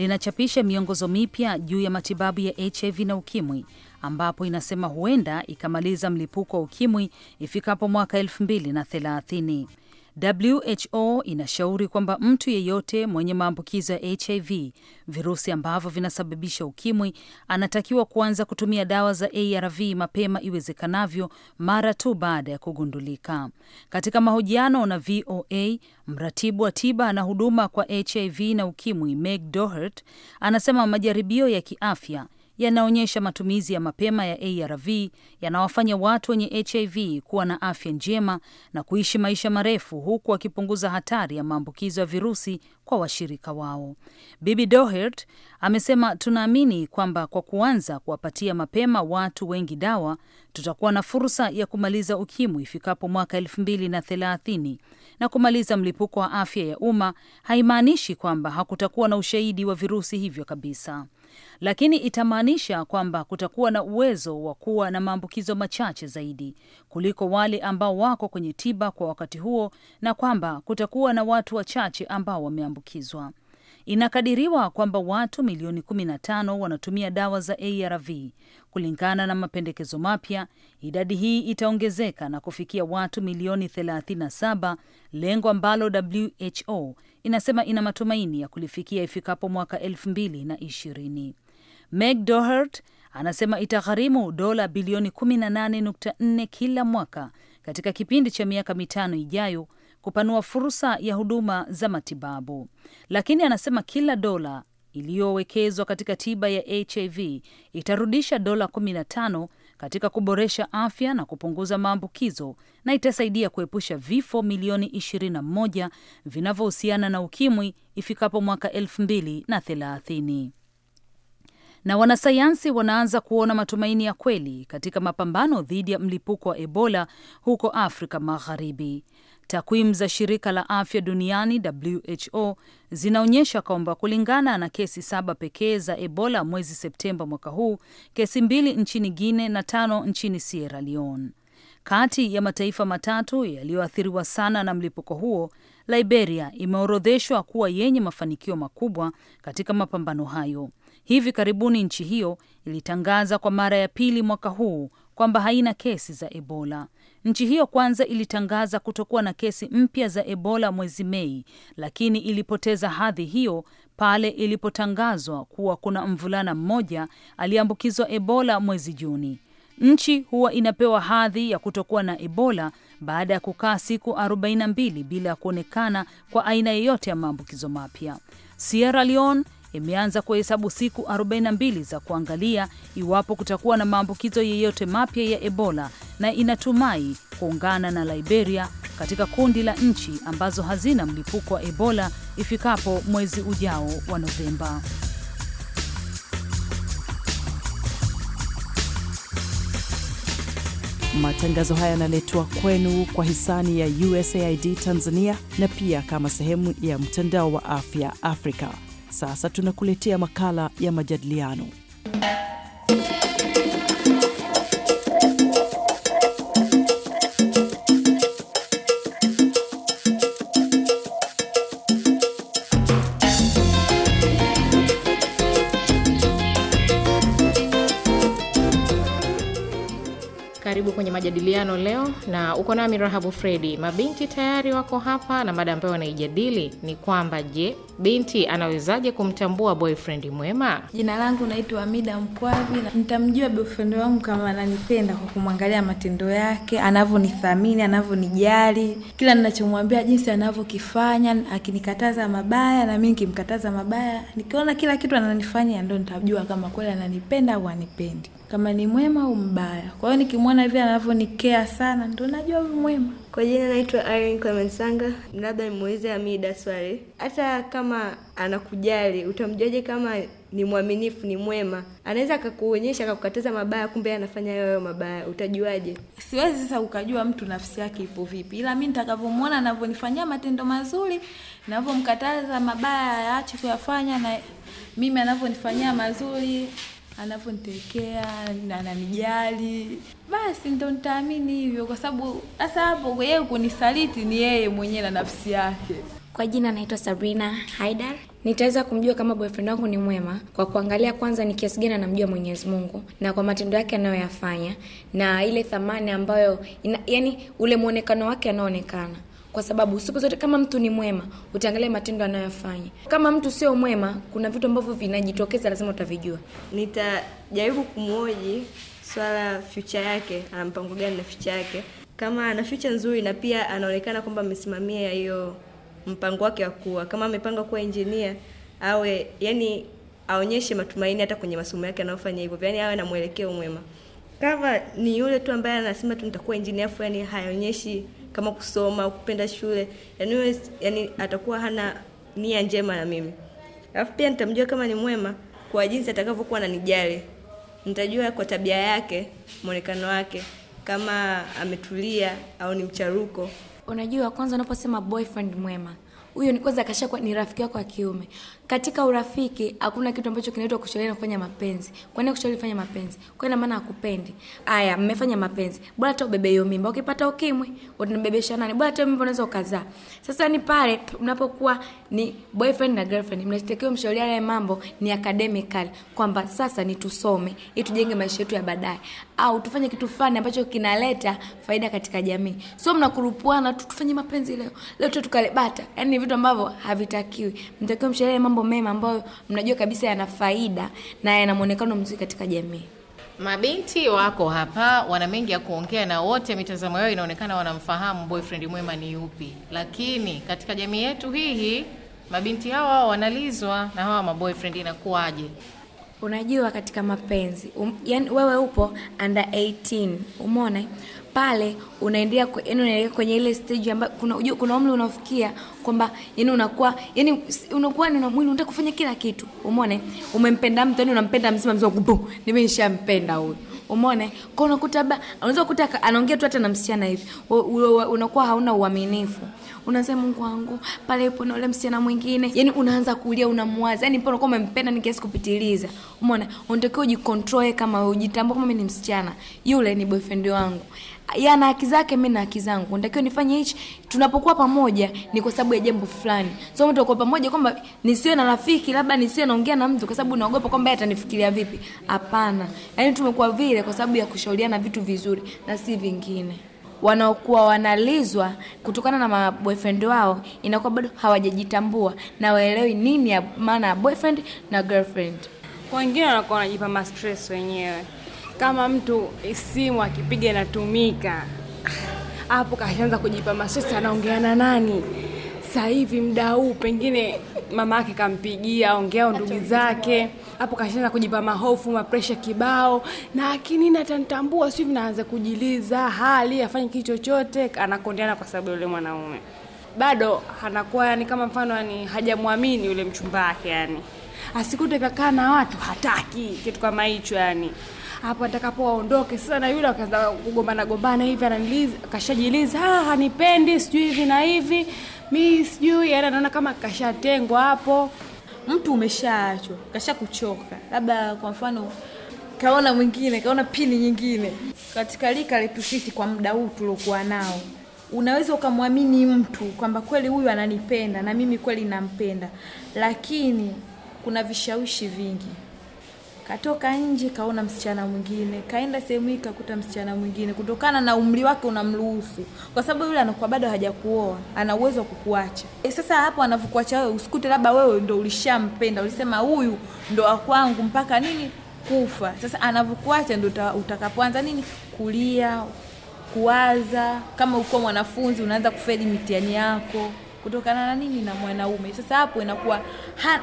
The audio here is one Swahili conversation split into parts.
linachapisha miongozo mipya juu ya matibabu ya HIV na ukimwi ambapo inasema huenda ikamaliza mlipuko wa ukimwi ifikapo mwaka 2030. WHO inashauri kwamba mtu yeyote mwenye maambukizo ya HIV, virusi ambavyo vinasababisha ukimwi, anatakiwa kuanza kutumia dawa za ARV mapema iwezekanavyo mara tu baada ya kugundulika. Katika mahojiano na VOA, mratibu wa tiba na huduma kwa HIV na ukimwi Meg Dohert anasema majaribio ya kiafya yanaonyesha matumizi ya mapema ya ARV yanawafanya watu wenye HIV kuwa na afya njema na kuishi maisha marefu huku wakipunguza hatari ya maambukizo ya virusi kwa washirika wao. Bibi Dohert amesema, tunaamini kwamba kwa kuanza kuwapatia mapema watu wengi dawa tutakuwa na fursa ya kumaliza ukimwi ifikapo mwaka elfu mbili na thelathini. Na kumaliza mlipuko wa afya ya umma haimaanishi kwamba hakutakuwa na ushahidi wa virusi hivyo kabisa lakini itamaanisha kwamba kutakuwa na uwezo wa kuwa na maambukizo machache zaidi kuliko wale ambao wako kwenye tiba kwa wakati huo na kwamba kutakuwa na watu wachache ambao wameambukizwa. Inakadiriwa kwamba watu milioni 15 wanatumia dawa za ARV. Kulingana na mapendekezo mapya, idadi hii itaongezeka na kufikia watu milioni 37, lengo ambalo WHO inasema ina matumaini ya kulifikia ifikapo mwaka elfu mbili na ishirini. Meg Dohert anasema itagharimu dola bilioni 18.4 kila mwaka katika kipindi cha miaka mitano ijayo kupanua fursa ya huduma za matibabu, lakini anasema kila dola iliyowekezwa katika tiba ya HIV itarudisha dola tano katika kuboresha afya na kupunguza maambukizo na itasaidia kuepusha vifo milioni 21 vinavyohusiana na ukimwi ifikapo mwaka 2030 na wanasayansi wanaanza kuona matumaini ya kweli katika mapambano dhidi ya mlipuko wa Ebola huko Afrika Magharibi. Takwimu za shirika la afya duniani WHO zinaonyesha kwamba kulingana na kesi saba pekee za Ebola mwezi Septemba mwaka huu, kesi mbili nchini guine na tano nchini Sierra Leone. Kati ya mataifa matatu yaliyoathiriwa sana na mlipuko huo, Liberia imeorodheshwa kuwa yenye mafanikio makubwa katika mapambano hayo. Hivi karibuni nchi hiyo ilitangaza kwa mara ya pili mwaka huu kwamba haina kesi za Ebola. Nchi hiyo kwanza ilitangaza kutokuwa na kesi mpya za Ebola mwezi Mei, lakini ilipoteza hadhi hiyo pale ilipotangazwa kuwa kuna mvulana mmoja aliyeambukizwa Ebola mwezi Juni. Nchi huwa inapewa hadhi ya kutokuwa na Ebola baada ya kukaa siku 42 bila ya kuonekana kwa aina yeyote ya maambukizo mapya. Sierra Leone imeanza kuhesabu siku 42 za kuangalia iwapo kutakuwa na maambukizo yeyote mapya ya Ebola na inatumai kuungana na Liberia katika kundi la nchi ambazo hazina mlipuko wa Ebola ifikapo mwezi ujao wa Novemba. Matangazo haya yanaletwa kwenu kwa hisani ya USAID Tanzania na pia kama sehemu ya mtandao wa afya Afrika. Sasa tunakuletea makala ya majadiliano majadiliano leo na uko nami Rahabu Fredi. Mabinti tayari wako hapa na mada ambayo wanaijadili ni kwamba je, binti anawezaje kumtambua boyfriend mwema? Jina langu naitwa Amida Mkwavi. Nitamjua boyfriend wangu kama ananipenda kwa kumwangalia matendo yake, anavyonithamini, anavyonijali, kila ninachomwambia, jinsi anavyokifanya, akinikataza mabaya na mimi nikimkataza mabaya. Nikiona kila kitu ananifanya, ndio nitajua kama kweli ananipenda au anipendi, kama ni mwema au mbaya. Kwa hiyo nikimwona hivi anavyo unavyonikea sana, ndo najua mwema. Kwa jina naitwa Irene Clement Labda nimuulize amida swali, hata kama anakujali utamjuaje kama ni mwaminifu, ni mwema? Anaweza akakuonyesha akakukataza mabaya, kumbe anafanya yoyo mabaya, utajuaje? Siwezi sasa ukajua mtu nafsi yake ipo vipi, ila mi ntakavyomwona anavyonifanyia matendo mazuri, navyomkataza mabaya aache kuyafanya, na mimi anavyonifanyia mazuri anavyontekea na ananijali, basi ndo nitaamini hivyo, kwa sababu hasa hapo yeye kunisaliti ni yeye mwenyewe na nafsi yake. Kwa jina naitwa Sabrina Haidar. Nitaweza kumjua kama boyfriend wangu ni mwema kwa kuangalia kwanza ni kiasi gani anamjua Mwenyezi Mungu na kwa matendo yake anayoyafanya na ile thamani ambayo ina, yani ule mwonekano wake anaoonekana kwa sababu siku zote kama mtu ni mwema utaangalia matendo anayofanya. Kama mtu sio mwema, kuna vitu ambavyo vinajitokeza, lazima utavijua. Nitajaribu kumwoji swala future yake, ana mpango gani na future yake, kama ana future nzuri na pia anaonekana kwamba amesimamia hiyo mpango wake wa kuwa, kama amepanga kuwa engineer awe, yani aonyeshe matumaini hata kwenye masomo yake anayofanya hivyo, yani awe na mwelekeo mwema. Kama ni yule tu ambaye anasema tu nitakuwa engineer, yani hayaonyeshi kama kusoma, kupenda shule, yani, yani atakuwa hana nia njema na mimi. Alafu pia nitamjua kama ni mwema kwa jinsi atakavyokuwa ananijali. Nitajua kwa tabia yake, mwonekano wake, kama ametulia au ni mcharuko. Unajua, kwanza unaposema boyfriend mwema huyo ni kwanza akashakuwa ni rafiki yako wa kiume. Katika urafiki hakuna kitu ambacho kinaitwa kushauriana kufanya mapenzi. Kwa nini kushauri kufanya mapenzi? Kwa nini maana hakupendi. Haya, mmefanya mapenzi. Bora tu ubebe hiyo mimba. Ukipata ukimwi, utanibebesha nani? Bora tu mimba unaweza ukazaa. Sasa ni pale unapokuwa ni boyfriend na girlfriend, mnatakiwa mshauriane ya mambo ni academical kwamba sasa ni tusome ili tujenge maisha yetu ya baadaye au tufanye kitu fulani ambacho kinaleta faida katika jamii. Sio mnakurupuana tu tufanye mapenzi leo. Leo tu bata. Yaani vitu ambavyo havitakiwi. Mtakiwa msherehe mambo mema ambayo mnajua kabisa yana faida na yana muonekano mzuri katika jamii. Mabinti wako hapa, wana mengi ya kuongea na wote mitazamo yao inaonekana wanamfahamu boyfriend mwema ni yupi, lakini katika jamii yetu hii hii mabinti hawa wanalizwa na hawa maboyfriend, inakuwaje? Unajua katika mapenzi um, yani wewe upo under 18 umeona pale unaendelea yani unaelekea kwenye ile stage ambayo kuna ujua, kuna umri unafikia kwamba yani unakuwa yani unakuwa ni mwili unataka kufanya kila kitu umeona umempenda mtu yani unampenda mzima mzima kubu oh, nimeshampenda huyu umone Kwa unakuta unaweza kukuta anaongea tu hata na msichana hivi. Unakuwa hauna uaminifu. Unasema Mungu wangu, pale ipo na yule msichana mwingine. yani unaanza kulia unamwaza. Yaani pale unakuwa umempenda ni kiasi kupitiliza. Umeona? Unatakiwa ujikontrol kama ujitambua kama mimi ni msichana. Yule ni boyfriend wangu yeye ana haki zake, mimi na haki zangu, natakiwa nifanye hichi. Tunapokuwa pamoja ni kwa sababu ya jambo fulani, so mtu kwa pamoja kwamba nisiwe na rafiki labda nisiwe naongea na mtu kwa sababu naogopa kwamba yeye atanifikiria vipi. Hapana, yaani tumekuwa vile kwa sababu ya kushauriana vitu vizuri na si vingine. Wanaokuwa wanalizwa kutokana na maboyfriend wao inakuwa bado hawajajitambua na waelewi nini ya maana ya boyfriend na girlfriend. Wengine wanakuwa wanajipa ma stress wenyewe kama mtu simu akipiga inatumika hapo, kashaanza kujipa maswesi, anaongea na nani sasa hivi mda huu, pengine mama yake kampigia, ongea ndugu zake hapo, kashaanza kujipa mahofu, mapresha kibao, na akinini atanitambua hivi naanza kujiliza hali afanye kitu chochote, anakondeana kwa sababu yule mwanaume bado anakuwa yani kama mfano yani hajamwamini yule mchumba wake, yani asikute kakaa na watu hataki kitu kama hicho yani hapo atakapo waondoke sasa. Na yule akaanza kugombana gombana hivi, ananiliza kashajiliza, ah, hanipendi sijui hivi na hivi, mi sijui, yaani anaona kama kashatengwa hapo. Mtu umeshaachwa kashakuchoka, labda kwa mfano kaona mwingine, kaona pili nyingine katika lika letu sisi, kwa muda huu tuliokuwa nao unaweza ukamwamini mtu kwamba kweli huyu ananipenda na mimi kweli nampenda, lakini kuna vishawishi vingi katoka nje kaona msichana mwingine, kaenda sehemu hii kakuta msichana mwingine, kutokana na umri wake unamruhusu, kwa sababu yule anakuwa bado hajakuoa, ana uwezo wa kukuacha. E, sasa hapo anavyokuacha wewe, usikute labda wewe ndo ulishampenda, ulisema huyu ndo wa kwangu mpaka nini kufa. Sasa anavyokuacha ndo utakapoanza nini kulia, kuwaza, kama uko mwanafunzi unaanza kufeli mitihani yako kutokana na nini na mwanaume. Sasa hapo inakuwa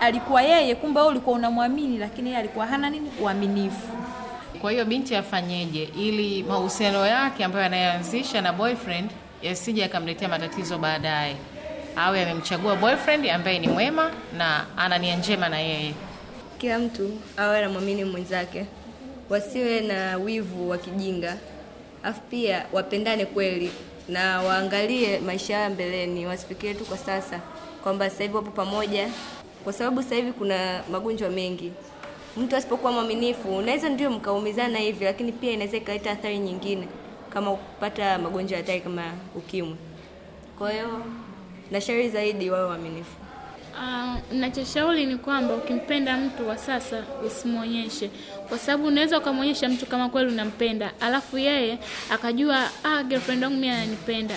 alikuwa yeye, kumbe wewe ulikuwa unamwamini, lakini yeye alikuwa hana nini, uaminifu. Kwa hiyo binti afanyeje ili mahusiano yake ambayo anayaanzisha na boyfriend yasije akamletea matatizo baadaye? Awe amemchagua boyfriend ambaye ni mwema na ana nia njema na yeye. Kila mtu awe anamwamini mwenzake, wasiwe na wivu wa kijinga, afu pia wapendane kweli na waangalie maisha yao mbeleni, wasifikirie tu kwa sasa kwamba sasa hivi wapo pamoja, kwa sababu sasa hivi kuna magonjwa mengi. Mtu asipokuwa mwaminifu, unaweza ndio mkaumizana hivi, lakini pia inaweza ikaleta athari nyingine kama kupata magonjwa hatari kama ukimwi. Kwa hiyo na shari zaidi wawe waaminifu. Uh, ah, nachoshauri ni kwamba ukimpenda mtu wa sasa usimwonyeshe, kwa sababu unaweza ukamwonyesha mtu kama kweli unampenda, alafu yeye akajua ah, girlfriend wangu mimi ananipenda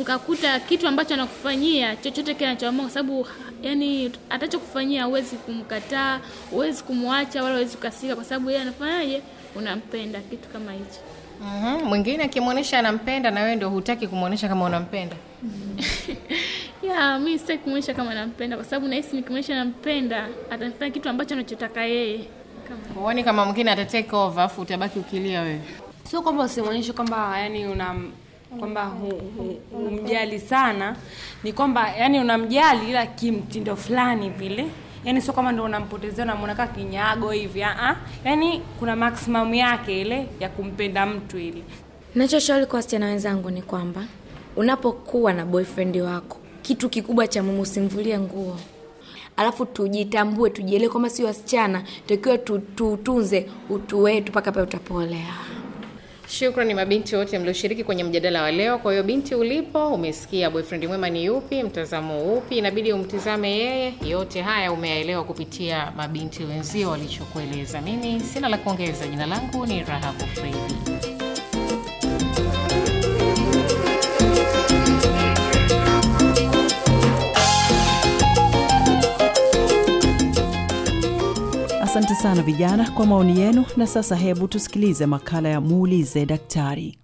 ukakuta kitu ambacho anakufanyia chochote kile anachoamua, kwa sababu yani atachokufanyia huwezi kumkataa, huwezi kumwacha, wala huwezi kukasika, kwa sababu yeye anafanyaje, unampenda, kitu kama hicho mm -hmm. Mwingine akimwonyesha anampenda na wewe ndio hutaki kumwonyesha kama unampenda ya mi sitaki kumwonyesha kama nampenda, kwa sababu nahisi nikimwonyesha nampenda atafanya kitu ambacho anachotaka yeye. Huoni kama mwingine ata take over afu utabaki ukilia wewe? Sio kwamba usimwonyeshe kwamba yani una kwamba humjali sana, ni kwamba yani unamjali, ila kimtindo fulani vile yani sio kama ndio unampotezea unamwona kama kinyago hivi a ah, ah. yani kuna maximum yake ile ya kumpenda mtu ile nachoshauri kwa wasichana wenzangu ni kwamba unapokuwa na boyfriend wako kitu kikubwa cha mume usimvulie nguo alafu tujitambue tujielewe kwamba si wasichana takiwa tutunze utu wetu mpaka pale utapoolea Shukrani mabinti wote mlioshiriki kwenye mjadala wa leo. Kwa hiyo binti ulipo, umesikia boyfriend mwema ni yupi, mtazamo upi? Inabidi umtizame yeye. Yote haya umeyaelewa kupitia mabinti wenzio walichokueleza. Mimi sina la kuongeza. Jina langu ni Rahabu Fredi. Asante sana vijana kwa maoni yenu. Na sasa hebu tusikilize makala ya muulize daktari.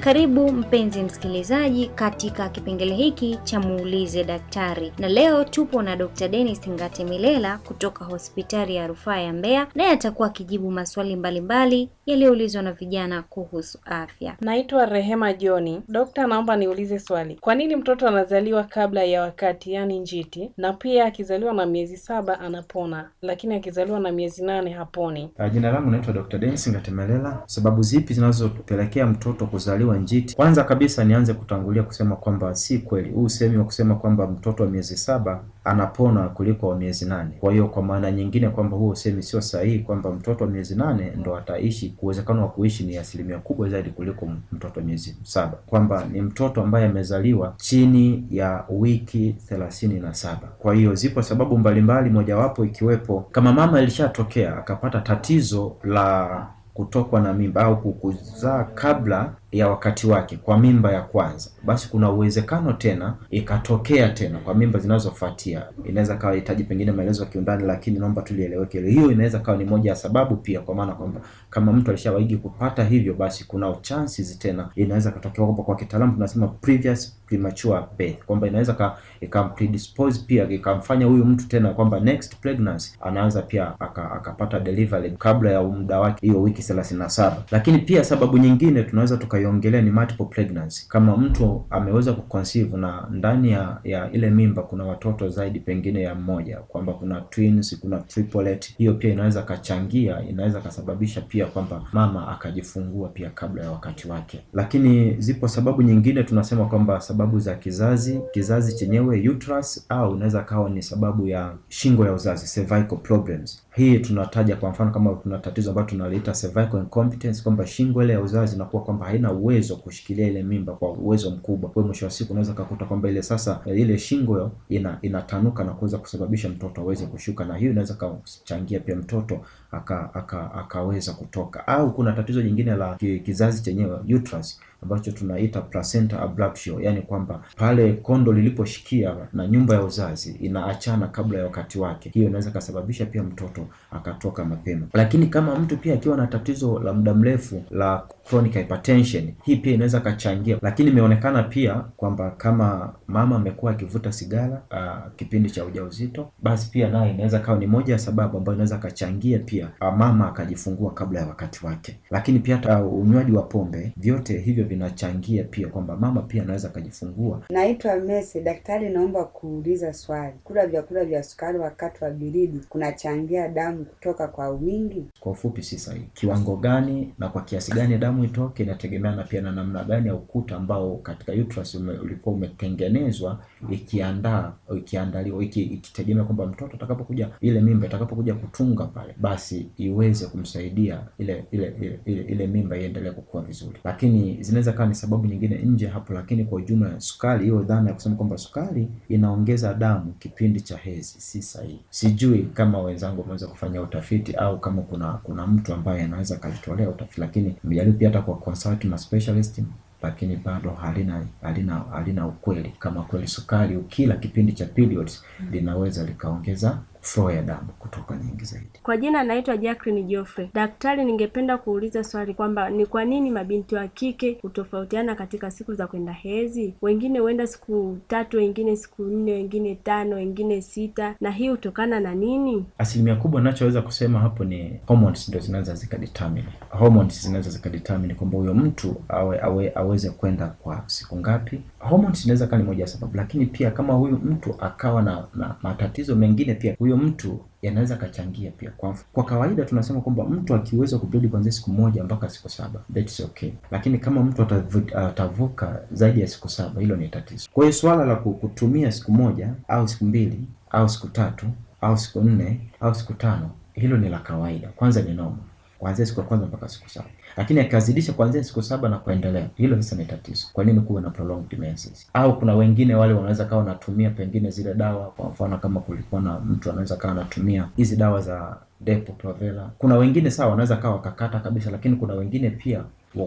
Karibu mpenzi msikilizaji katika kipengele hiki cha muulize daktari, na leo tupo na Dr. denis Ngate Milela kutoka hospitali ya rufaa ya mbea naye atakuwa akijibu maswali mbalimbali yaliyoulizwa na vijana kuhusu afya. Naitwa Rehema Joni. Dokta, naomba niulize swali, kwa nini mtoto anazaliwa kabla ya wakati, yaani njiti, na pia akizaliwa na miezi saba anapona, lakini akizaliwa na miezi nane haponi? Ah, jina langu naitwa Dr. Dennis Ngatemelela. Sababu zipi zinazopelekea mtoto kuzaliwa njiti? Kwanza kabisa nianze kutangulia kusema kwamba si kweli huu usemi wa kusema kwamba mtoto wa miezi saba anapona kuliko wa miezi nane. Kwa hiyo kwa maana nyingine kwamba huo usemi sio sahihi kwamba mtoto wa miezi nane ndo ataishi, uwezekano wa kuishi ni asilimia kubwa zaidi kuliko mtoto wa miezi saba, kwamba ni mtoto ambaye amezaliwa chini ya wiki thelathini na saba. Kwa hiyo zipo sababu mbalimbali, mojawapo ikiwepo kama mama ilishatokea akapata tatizo la kutokwa na mimba au kukuzaa kabla ya wakati wake kwa mimba ya kwanza, basi kuna uwezekano tena ikatokea tena kwa mimba zinazofuatia. Inaweza kawa hitaji pengine maelezo ya kiundani, lakini naomba tulieleweke hilo. Hiyo inaweza kawa ni moja ya sababu pia, kwa maana kwamba kama mtu alishawahi kupata hivyo, basi kuna chances tena inaweza katokea, kwamba kwa kitaalamu tunasema previous premature birth, kwamba inaweza ka ikampredispose pia ikamfanya huyu mtu tena kwamba next pregnancy anaanza pia akapata aka delivery kabla ya muda wake, hiyo wiki 37. Lakini pia sababu nyingine tunaweza tukai aliongelea ni multiple pregnancy, kama mtu ameweza kuconceive na ndani ya, ya ile mimba kuna watoto zaidi pengine ya mmoja, kwamba kuna twins, kuna triplet. Hiyo pia inaweza kachangia, inaweza kasababisha pia kwamba mama akajifungua pia kabla ya wakati wake. Lakini zipo sababu nyingine, tunasema kwamba sababu za kizazi, kizazi chenyewe uterus, au inaweza kawa ni sababu ya shingo ya uzazi cervical problems. Hii tunataja kwa mfano kama kuna tatizo ambalo tunaliita cervical incompetence, kwamba shingo ile ya uzazi inakuwa kwamba haina haina uwezo kushikilia ile mimba kwa uwezo mkubwa. Kwa hiyo mwisho wa siku unaweza kukuta kwamba ile sasa eh, ile shingo ina, inatanuka na kuweza kusababisha mtoto aweze kushuka, na hiyo inaweza kuchangia pia mtoto akaweza aka, aka kutoka. Au kuna tatizo jingine la kizazi chenyewe uterus ambacho tunaita placenta abruptio, yani kwamba pale kondo liliposhikia na nyumba ya uzazi inaachana kabla ya wakati wake. Hiyo inaweza kasababisha pia mtoto akatoka mapema. Lakini kama mtu pia akiwa na tatizo la muda mrefu la chronic hypertension. Hii pia inaweza kachangia, lakini imeonekana pia kwamba kama mama amekuwa akivuta sigara ah, kipindi cha ujauzito, basi pia naye inaweza kawa ni moja ya sababu ambayo inaweza kachangia pia uh, mama akajifungua kabla ya wakati wake. Lakini pia hata unywaji wa pombe, vyote hivyo vinachangia pia kwamba mama pia anaweza akajifungua. Naitwa Messi. daktari, naomba kuuliza swali, kula vyakula vya sukari wakati wa baridi kunachangia damu kutoka kwa wingi? Kwa ufupi, si sahihi. Kiwango gani na kwa kiasi gani damu damu itoke inategemeana pia na namna gani ya ukuta ambao katika uterus ulikuwa umetengenezwa ikiandaa ikiandaliwa iki, ikitegemea kwamba mtoto atakapokuja ile mimba itakapokuja kutunga pale, basi iweze kumsaidia ile ile ile, ile, ile mimba iendelee kukua vizuri, lakini zinaweza kawa ni sababu nyingine nje hapo, lakini kwa ujumla sukari, hiyo dhana ya kusema kwamba sukari inaongeza damu kipindi cha hezi si sahihi. Sijui kama wenzangu wameweza kufanya utafiti au kama kuna kuna mtu ambaye anaweza akajitolea utafiti, lakini mjaribu pia hata kwa consult ma specialist lakini bado halina, halina, halina ukweli. Kama kweli sukari ukila kipindi cha periods mm. linaweza likaongeza flow ya damu kutoka nyingi zaidi. Kwa jina naitwa Jacqueline Geoffrey. Daktari, ningependa kuuliza swali kwamba ni kwa nini mabinti wa kike hutofautiana katika siku za kwenda hezi Wengine huenda siku tatu, wengine siku nne, wengine tano, wengine sita, na hii hutokana na nini? Asilimia kubwa ninachoweza kusema hapo ni hormones ndio zinaweza zikadetermine, hormones zinaweza zikadetermine kwamba huyo mtu awe, awe aweze kwenda kwa siku ngapi hormones inaweza kuwa ni moja sababu, lakini pia kama huyu mtu akawa na, na matatizo mengine pia huyo mtu yanaweza kachangia pia. Kwa, kwa kawaida tunasema kwamba mtu akiweza kubleed kuanzia siku moja mpaka siku saba that's okay, lakini kama mtu atavuka zaidi ya siku saba hilo ni tatizo. Kwa hiyo swala la kutumia siku moja au siku mbili au siku tatu au siku nne au siku tano hilo ni la kawaida, kwanza ni normal kuanzia siku ya kwanza mpaka siku saba, lakini akazidisha kuanzia siku saba na kuendelea, hilo sasa ni tatizo. Kwa nini kuwe na prolonged menses? Au kuna wengine wale wanaweza kawa wanatumia pengine zile dawa, kwa mfano kama kulikuwa na mtu anaweza kawa anatumia hizi dawa za Depo Provera. Kuna wengine sawa wanaweza kawa wakakata kabisa, lakini kuna wengine pia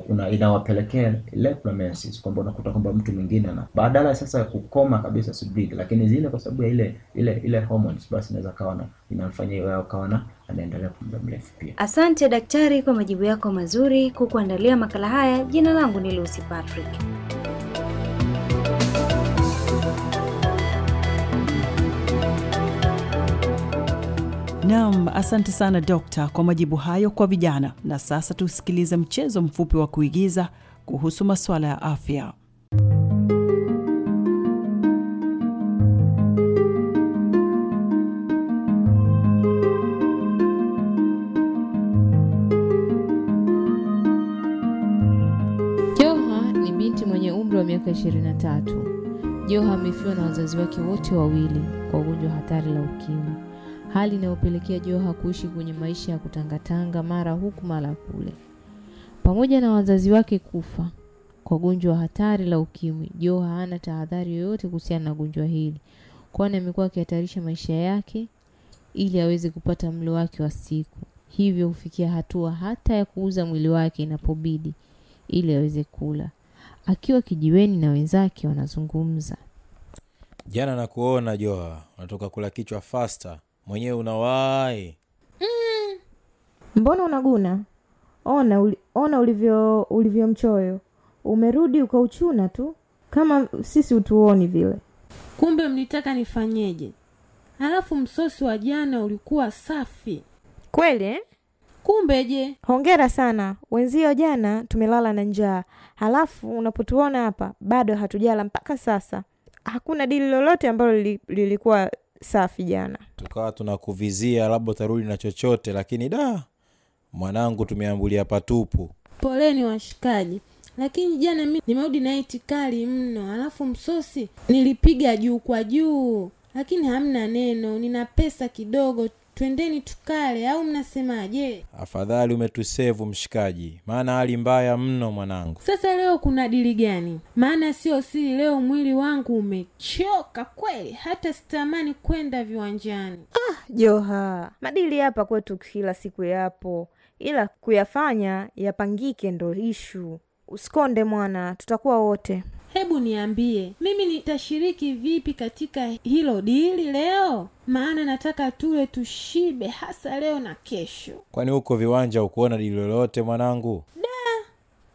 una, inawapelekea reclamation kwamba unakuta kwamba mtu mwingine na badala sasa ya kukoma kabisa subiri, lakini zile kwa sababu ya ile ile ile hormones, basi inaweza kawa na inamfanyia yeye akawa na anaendelea kwa muda mrefu pia. Asante daktari kwa majibu yako mazuri. Kukuandalia makala haya, jina langu ni Lucy Patrick. Naam, asante sana dokta kwa majibu hayo kwa vijana. Na sasa tusikilize mchezo mfupi wa kuigiza kuhusu masuala ya afya. Joha ni binti mwenye umri wa miaka 23. Joha amefiwa na wazazi wake wote wawili kwa ugonjwa hatari la ukimwi hali inayopelekea Joha kuishi kwenye maisha ya kutangatanga mara huku mara kule. Pamoja na wazazi wake kufa kwa gonjwa hatari la ukimwi, Joha hana tahadhari yoyote kuhusiana na gonjwa hili, kwani amekuwa akihatarisha maisha yake ili aweze kupata mlo wake wa siku, hivyo hufikia hatua hata ya kuuza mwili wake inapobidi ili aweze kula. Akiwa kijiweni na wenzake wanazungumza, jana na kuona Joha unatoka kula kichwa fasta, mwenyewe unawahi. Mm. Mbona unaguna? Ona uli, ona ulivyo ulivyo mchoyo. Umerudi ukauchuna tu kama sisi utuoni vile. Kumbe mlitaka nifanyeje? Halafu msosi wa jana ulikuwa safi kweli eh? Kumbe je, hongera sana wenzio. Jana tumelala na njaa, halafu unapotuona hapa bado hatujala mpaka sasa. Hakuna dili lolote ambalo li, lilikuwa safi jana tukawa tunakuvizia labda utarudi na chochote lakini da mwanangu tumeambulia patupu poleni washikaji lakini jana mi nimerudi na itikali mno alafu msosi nilipiga juu kwa juu lakini hamna neno nina pesa kidogo twendeni tukale, au mnasemaje? Afadhali umetusevu mshikaji, maana hali mbaya mno mwanangu. Sasa leo kuna dili gani? Maana sio siri, leo mwili wangu umechoka kweli, hata sitamani kwenda viwanjani. Ah, Joha, madili hapa kwetu kila siku yapo, ila kuyafanya yapangike ndo ishu. Usikonde mwana, tutakuwa wote hebu niambie mimi nitashiriki vipi katika hilo dili leo? Maana nataka tule tushibe, hasa leo na kesho. Kwani huko viwanja ukuona dili lolote mwanangu? Da,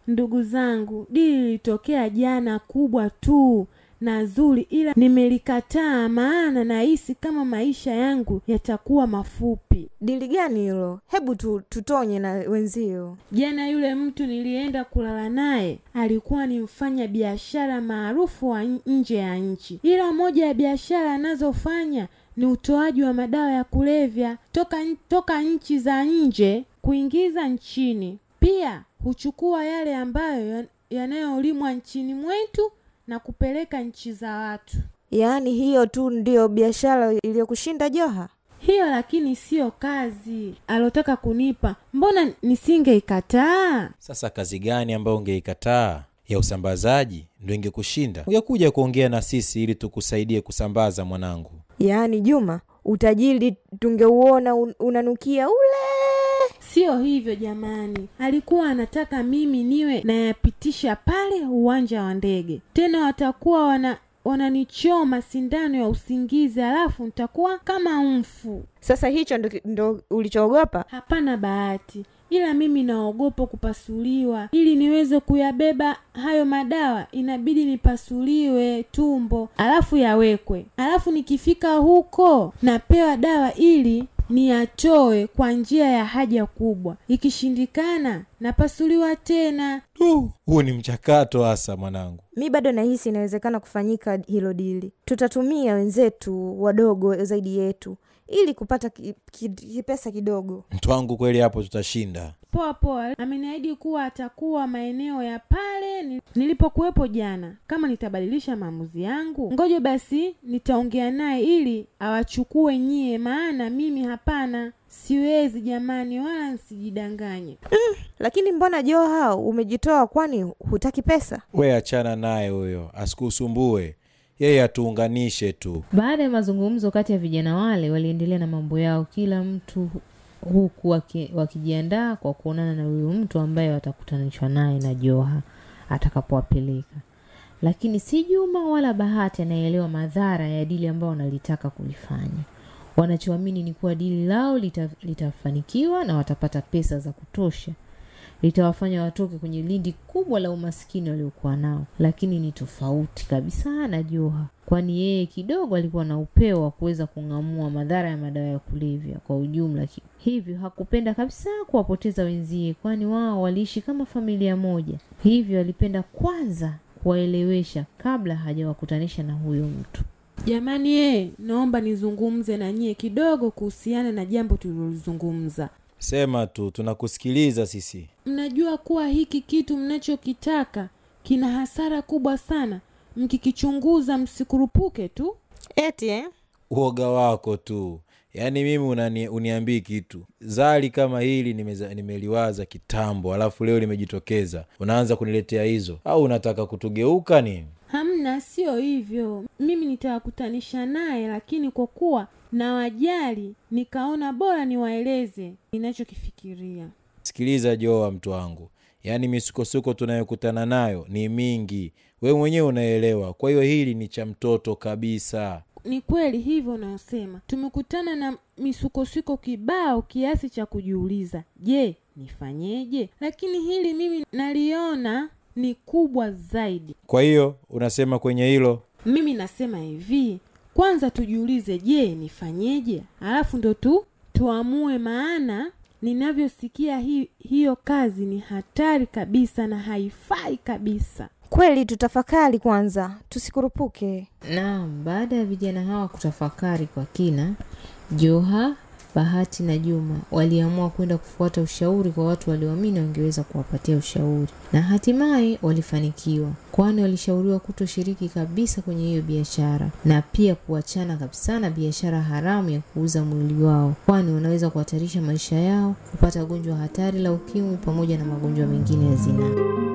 ndugu zangu, dili lilitokea jana kubwa tu na zuri, ila nimelikataa, maana nahisi kama maisha yangu yatakuwa mafupi. Dili gani hilo? Hebu tu, tutonye na wenzio. Jana yule mtu nilienda kulala naye alikuwa ni mfanya biashara maarufu wa nje ya nchi, ila moja ya biashara anazofanya ni utoaji wa madawa ya kulevya toka, toka nchi za nje kuingiza nchini. Pia huchukua yale ambayo yanayolimwa nchini mwetu na kupeleka nchi za watu. Yaani hiyo tu ndiyo biashara iliyokushinda Joha? Hiyo lakini siyo kazi alotaka kunipa, mbona nisingeikataa? Sasa kazi gani ambayo ungeikataa? ya usambazaji ndo ingekushinda, ungekuja kuongea na sisi ili tukusaidie kusambaza mwanangu. Yaani Juma, utajiri tungeuona unanukia ule Sio hivyo jamani, alikuwa anataka mimi niwe nayapitisha pale uwanja wa ndege, tena watakuwa wana wananichoma sindano ya usingizi, alafu nitakuwa kama mfu. Sasa hicho ndo, ndo ulichoogopa? Hapana Bahati, ila mimi naogopa kupasuliwa. Ili niweze kuyabeba hayo madawa, inabidi nipasuliwe tumbo, alafu yawekwe, alafu nikifika huko napewa dawa ili ni niyatoe kwa njia ya haja kubwa, ikishindikana napasuliwa tena. Uh, ni mchakato hasa mwanangu. Mi bado nahisi inawezekana kufanyika hilo dili. Tutatumia wenzetu wadogo zaidi yetu ili kupata kipesa ki, ki, kidogo. Mtu wangu kweli, hapo tutashinda. Poa Poa ameniahidi kuwa atakuwa maeneo ya pale nilipokuwepo jana kama nitabadilisha maamuzi yangu. ngoja basi nitaongea naye ili awachukue nyie, maana mimi hapana, siwezi jamani, wala nsijidanganye. Mm, lakini mbona joo umejitoa, kwani hutaki pesa? We achana naye huyo, asikusumbue yeye atuunganishe tu. Baada ya mazungumzo kati ya vijana wale, waliendelea na mambo yao, kila mtu huku wakijiandaa kwa kuonana na huyu mtu ambaye watakutanishwa naye na Joha atakapowapeleka. Lakini si Juma wala Bahati anayeelewa madhara ya dili ambayo wanalitaka kulifanya. Wanachoamini ni kuwa dili lao litafanikiwa na watapata pesa za kutosha litawafanya watoke kwenye lindi kubwa la umaskini waliokuwa nao, lakini ni tofauti kabisa na Joha, kwani yeye kidogo alikuwa na upeo wa kuweza kung'amua madhara ya madawa ya kulevya kwa ujumla. Hivyo hakupenda kabisa kuwapoteza wenzie, kwani wao waliishi kama familia moja. Hivyo alipenda kwanza kuwaelewesha kabla hajawakutanisha na huyo mtu. Jamani, ye, eh, naomba nizungumze na nyie kidogo kuhusiana na jambo tulilozungumza. Sema tu, tunakusikiliza sisi. Mnajua kuwa hiki kitu mnachokitaka kina hasara kubwa sana, mkikichunguza msikurupuke tu. Eti eh? Uoga wako tu. Yaani mimi unani, uniambii kitu zali kama hili nimeza, nimeliwaza kitambo, alafu leo limejitokeza, unaanza kuniletea hizo, au unataka kutugeuka nini? Hamna, sio hivyo. Mimi nitawakutanisha naye, lakini kwa kuwa na wajali, nikaona bora niwaeleze ninachokifikiria. Sikiliza Joa, mtu wangu, yaani misukosuko tunayokutana nayo ni mingi, we mwenyewe unaelewa. Kwa hiyo hili ni cha mtoto kabisa. Ni kweli hivyo unayosema, tumekutana na misukosuko kibao kiasi cha kujiuliza, je, nifanyeje? Lakini hili mimi naliona ni kubwa zaidi. Kwa hiyo unasema kwenye hilo, mimi nasema hivi, kwanza tujiulize, je, nifanyeje? Alafu ndo tu tuamue, maana ninavyosikia hi, hiyo kazi ni hatari kabisa na haifai kabisa. Kweli tutafakari kwanza, tusikurupuke. Naam, baada ya vijana hawa kutafakari kwa kina, Joha Bahati na Juma waliamua kwenda kufuata ushauri kwa watu walioamini wangeweza kuwapatia ushauri, na hatimaye walifanikiwa, kwani walishauriwa kutoshiriki kabisa kwenye hiyo biashara na pia kuachana kabisa na biashara haramu ya kuuza mwili wao, kwani wanaweza kuhatarisha maisha yao, kupata gonjwa hatari la ukimwi pamoja na magonjwa mengine ya zinaa.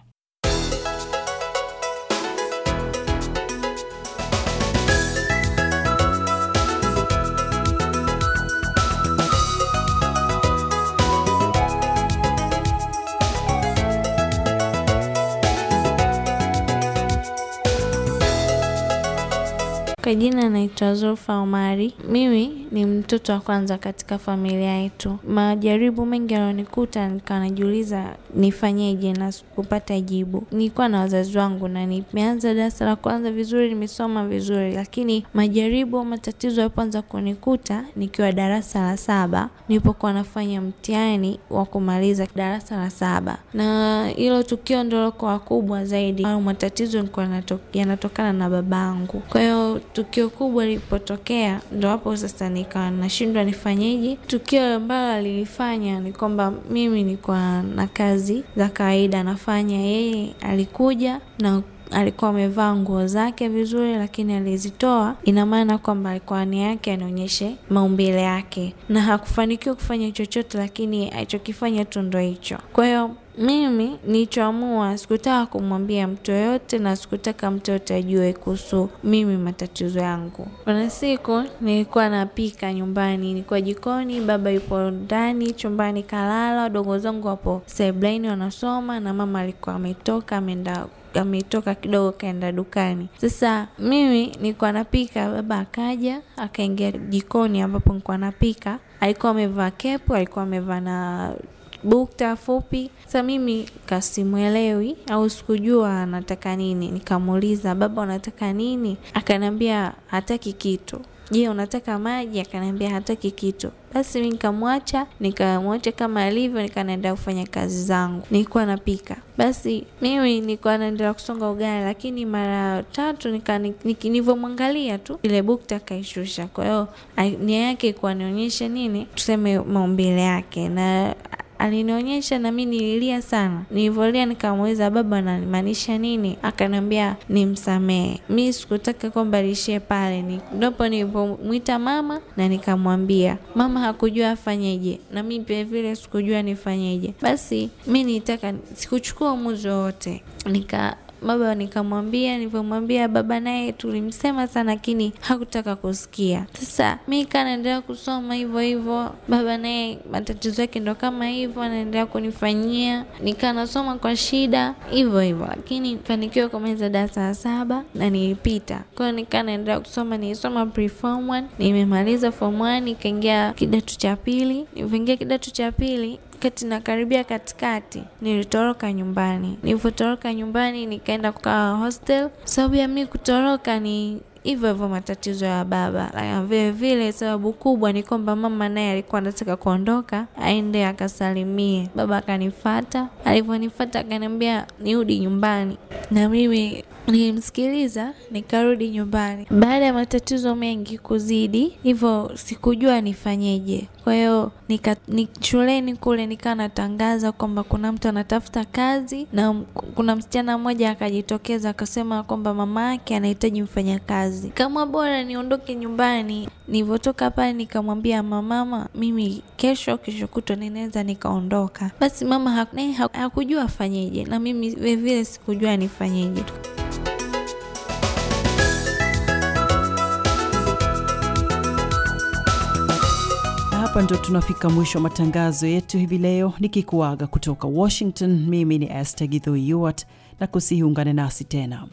Kwa jina naitwa Zulfa Omari. Mimi ni mtoto wa kwanza katika familia yetu. Majaribu mengi yalionikuta, nikawa najiuliza nifanyeje na kupata jibu. Nilikuwa na wazazi wangu na nimeanza darasa la kwanza vizuri, nimesoma vizuri, lakini majaribu au matatizo yalipoanza kunikuta nikiwa darasa la saba, nilipokuwa nafanya mtihani wa kumaliza darasa la saba, na hilo tukio ndio wakubwa kubwa zaidi, au matatizo yalikuwa yanatokana na babangu. Kwa hiyo tukio kubwa lilipotokea, ndo hapo sasa ni nika nashindwa nifanyeje. Tukio ambalo alilifanya ni kwamba mimi nilikuwa na kazi za kawaida nafanya, yeye alikuja na alikuwa amevaa nguo zake vizuri, lakini alizitoa. Ina maana kwamba alikuwa ni yake anaonyeshe maumbile yake, na hakufanikiwa kufanya chochote, lakini alichokifanya tu ndo hicho. Kwa hiyo mimi nichoamua sikutaka kumwambia mtu yoyote, na sikutaka mtu yoyote ajue kuhusu mimi matatizo yangu. Kuna siku nilikuwa napika nyumbani, nilikuwa jikoni, baba yupo ndani chumbani kalala, wadogo zangu wapo sebleni wanasoma, na mama alikuwa ametoka ameenda ametoka kidogo kaenda dukani. Sasa mimi nilikuwa napika, baba akaja akaingia jikoni ambapo nilikuwa napika. Alikuwa amevaa kepu, alikuwa amevaa na bukta fupi. Sasa mimi kasimwelewi au sikujua anataka nini, nikamuuliza baba, unataka nini? Akaniambia hataki kitu. Je, unataka maji? Akaniambia hataki kitu. Basi mi nikamwacha, nikamwacha kama alivyo, nikanaendelea kufanya kazi zangu, nilikuwa napika. Basi mimi nilikuwa naendelea kusonga ugali, lakini mara tatu nilivyomwangalia tu ile bukta kaishusha. Kwa hiyo nia yake ikuwa nionyeshe nini, tuseme maumbile yake, na alinionyesha na mimi nililia sana. Nilivyolia nikamuuliza baba, namaanisha nini? Akaniambia nimsamehe. Mi sikutaka kwamba liishie pale, ndopo nilipomwita mama na nikamwambia. Mama hakujua afanyeje, na mimi vilevile vile sikujua nifanyeje. Basi mi nitaka sikuchukua uamuzi wowote, nika baba nikamwambia, nilivyomwambia baba naye tulimsema sana, lakini hakutaka kusikia. Sasa mi kaa naendelea kusoma hivyo hivyo, baba naye matatizo yake ndo kama hivyo, anaendelea kunifanyia. nikanasoma nasoma kwa shida hivyo hivyo, lakini fanikiwa kumaliza darasa la saba na nilipita. Kwa hiyo nikaa naendelea kusoma, nilisoma pre nimemaliza form one, nikaingia kidato cha pili. nivyoingia kidato cha pili wakati nakaribia katikati nilitoroka nyumbani. Nilivyotoroka nyumbani, nikaenda kukaa hostel. Sababu ya mimi kutoroka ni hivyo hivyo matatizo ya baba, vile vile sababu kubwa ni kwamba mama naye alikuwa anataka kuondoka aende akasalimie. Baba akanifata, alivyonifata akaniambia nirudi nyumbani, na mimi Nilimsikiliza nikarudi nyumbani baada ya matatizo mengi kuzidi, hivyo sikujua nifanyeje. Kwa hiyo ni shuleni kule nikawa natangaza kwamba kuna mtu anatafuta kazi, na kuna msichana mmoja akajitokeza akasema kwamba mama yake anahitaji mfanyakazi, kama bora niondoke nyumbani. Nilivyotoka pale nikamwambia mamama, mimi kesho kesho kuto ninaweza nikaondoka. Basi mama hakujua afanyeje, na mimi vilevile sikujua nifanyeje. hapa ndo tunafika mwisho wa matangazo yetu hivi leo, nikikuaga kutoka Washington. Mimi ni este Githo na kusihiungane nasi tena.